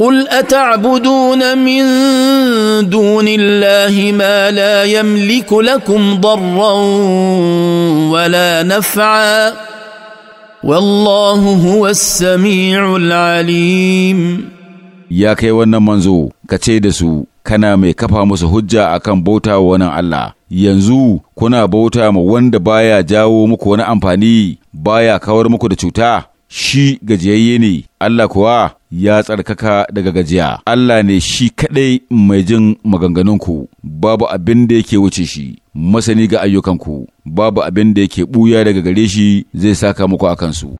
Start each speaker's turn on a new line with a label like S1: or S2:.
S1: قل اتعبدون من دون الله ما لا يملك لكم ضرا ولا نفعا والله هو السميع العليم
S2: يا kai wannan manzo ka ce da su kana mai kafa musu hujja akan bauta wa wannan Allah yanzu kuna bauta ma wanda baya jawo muku wani amfani baya kawar muku da cuta shi gajiyayye ne, Allah kuwa ya tsarkaka daga gajiya. Allah ne shi kaɗai mai jin maganganunku, babu abin da yake wuce shi, masani ga ayyukanku, babu abin da yake ɓuya daga gare shi zai
S3: saka muku a kansu.